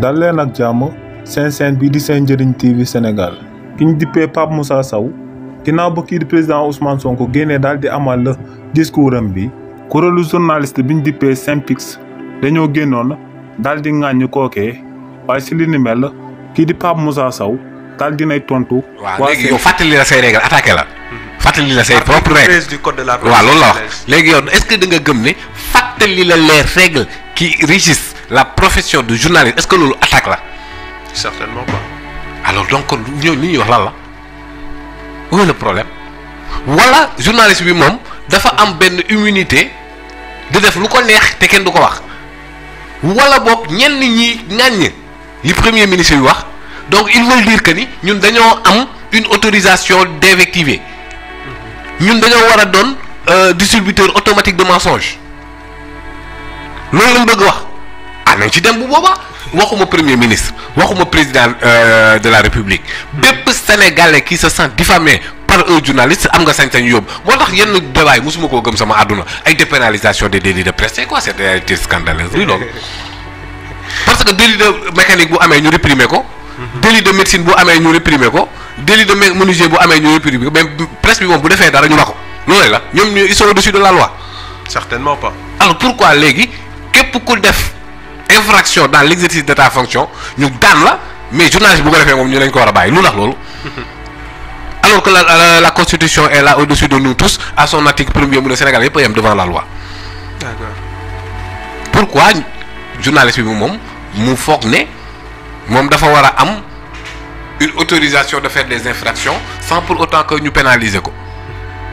dal leen ak jàmm seen seen bii di seen njëriñ TV Sénégal ki ñu dippee Pape Moussa saw ginnaaw ba kii di président Ousmane Sonko génnee daal di amal la discours am bi kuréelu journaliste bi ñu dippee Synpics dañoo génnoon daal di ŋàññi kookee waaye si li ni mel kii di Pape Moussa saw daal dinay tontu. waa léegi yow fàttali la say règle attaqué la. fàttali la da nga gëm ne fàttali la les règles qui régissent profession de journaliste est-ce que nous attaque là certainement pas. alors donc nous où est le problème Voilà, journaliste lui-même immunité de def te quoi. le premier ministre donc ils veulent dire que nous, une autorisation d'invectiver Nous euh, distributeur automatique de mensonges ah nañ ci dem bu waxuma premier ministre waxuma président euh, de la république bépp sénégalais qui se sent diffamé par un journaliste am nga sañ-sañ yóbbu moo yenn débat yi mosuma koo gëm sama aduna ay dépénalisation des délits de presse c'est quoi cette réalité scandaleuse oui loolu parce que délit de mécanique bu amé ñu réprimer ko délit de médecine bu amé ñu réprimer ko délit de menuisier bu amé ñu réprimer ko mais presse bi mom bu défé dara ñu na ko loolu la ñom ñu ils sont au-dessus de la loi certainement pas alors pourquoi légui képp ku def infraction dans l'exercice de ta fonction nous donne là, mais journaliste bu ko pas pas ñu lañ ko alors que la, constitution est là au-dessus de nous tous à son article premier mu ne Sénégal yëpp a devant la loi. d'accord pourquoi journaliste nous moom mu nous ne dafa une autorisation de faire des infractions sans pour autant que nous pénaliser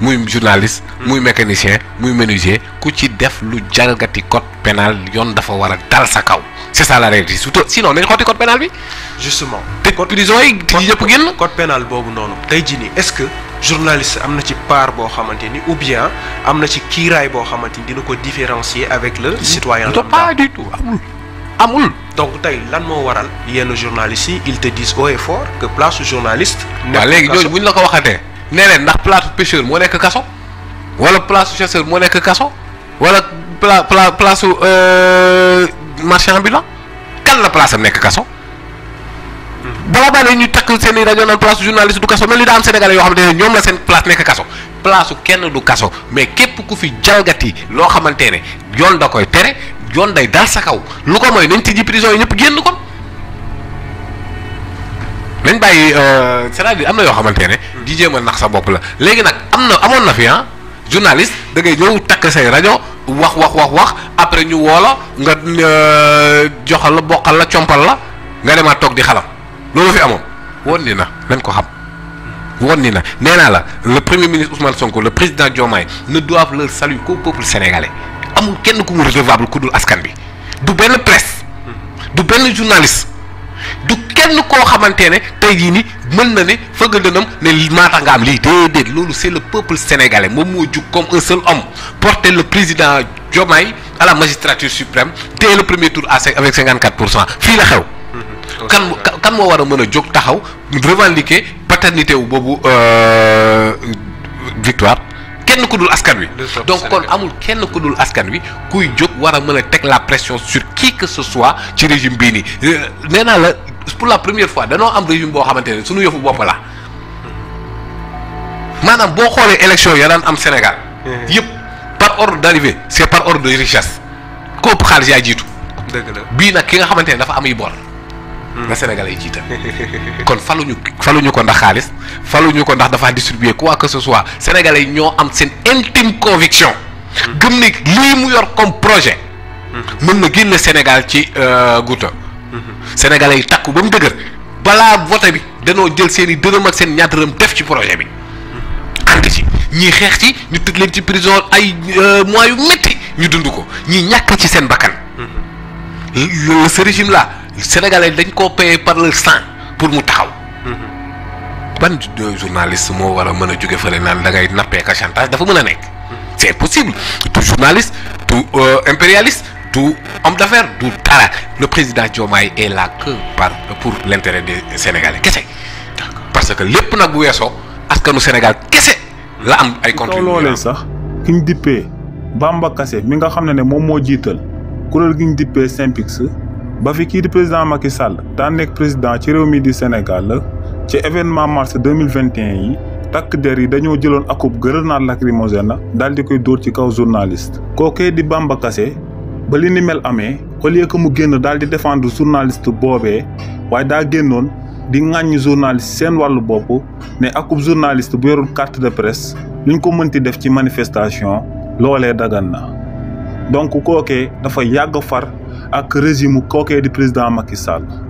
muy journaliste. Hmm. muy mécanicien muy menuisier ku ci def lu jalgati code pénal yon dafa war dal sa kaw C'est ça la réalité sinon nañ xoti code pénal bi. justement tëj prison yi tëj yëpp génn. code pénal bobu noonu tey jii est ce que journaliste amna ci part bo xamanteni ou bien amna ci kiray bo xamanteni dina ko différencier avec le citoyen non pas du tout amul. amul donc tay lan mo waral yenn journalistes yi ils te disent haut et fort que place journaliste. nekk waaw léegi ñooñu la ko waxate nee leen ndax place pêcheur moo nekk kaso wala place chasseur moo nekk kaso wala pla pla place euh, marchand ambulant kan la place am nekk kaso. balaa baa ne ñu takk seen i rajo naan place journaliste du kaso mel ni daa am sénégalais yoo xamante ne ñoom la seen place nekk kaso place kenn du kaso mais képp ku fi jalgati loo xamante ne yoon da koy tere yoon day dal sa kaw lu ko mooy nañ tijji prison yi ñëpp génn kon. nañ bàyyi euh, c'est-à-dire am na yoo xamante ne di jéem a nax sa bopp la léegi nag am na amoon na fi ah journaliste da ngay ñëw takk say rajo wax wax wax wax après ñu woola nga euh, joxal la bokkal la compal la nga demaat toog di xalam loolu fi amoon woon ni na nañ ko xam woon ni na nee naa la le premier ministre Ousmane Sonko le président Diomaye ne doivent leur salut qu'au peuple sénégalais amul kenn ku mu redevable ku dul askan bi du benn presse du benn journaliste kenn koo xamante ne tey jii ni mën na ne les dënam ne mata tax nga am c'est le peuple sénégalais mom mo juk comme un seul homme porter le président Diomaye à la magistrature suprême dès le premier tour avec 54 fi la xew mm-hmm. kan kan mo wara a mën taxaw revendiquer paternité wu euh victoire kenn ku dul askan wi donc kon amul kenn ku dul askan wi kuy jóg wara a tek la pression sur qui que ce soit ci régime bi ni euh, nee la pour la première fois dano, am régime bo xamantene suñu yofu bop la manam bo xolé élection ya daan am Sénégal. Mhm. yépp par ordre d'arrivée c'est par ordre de richesse ku ëpp ya jitu deug dëgg la bii nag ki nga xamantene dafa am mhm. yi bor. na Sénégal yi jiita kon faluñu faluñu ko ndax xaalis faluñu ko ndax dafa distribuer quoi que ce soit sénégalais ño am s'en intime conviction. Mhm. gëm ne lii mu yor comme projet. mën na génne Sénégal ci euh, guuta sénégalais yi takku ba mu dëgër balaa vote bi danoo jël seen i dërëm ak seen ñaar def ci projet bi ànd ci ñii xeex ci ñu tëj leen ci prison ay euh, mois yu métti ñu dund ko ñii ñàkk ci seen bakkan ce régime là sénégalais dañ koo paye par le sang pour mu taxaw ban journaliste moo war a mën a jóge fële naan da ngay nappee ka chantage dafa mën a nekk c'est possible tout journaliste tout euh, impérialiste tout homme d'affaires du tara. le président Diomaye est là que par pour l'intérêt des Sénégalais Qu'est-ce Qu'est-ce parce que lépp nag bu que le Sénégal qu'est-ce kese la am ay. contre c'est sax ki ñu Bamba Kassé mi nga xam ne ne moom moo jiital kuréel gi ñu dippee Synpics ba fi président Macky Sall daan président ci réew du Sénégal c'est ci événement mars 2021. mille vingt et un yi. takk der yi dañoo jëloon grenade lacrymogène la di koy door ci kaw journaliste. kookee di Bamba Kassé ba li mel amee au lieu que mu génn daal di défendre journaliste boobee waaye daa génnoon di ŋàññ journaliste seen wàllu bopp ne akub journaliste bu yorul carte de presse luñ ko mënti def ci manifestation loolee dagan donc kookee dafa yàgg far ak régime kookee di président Macky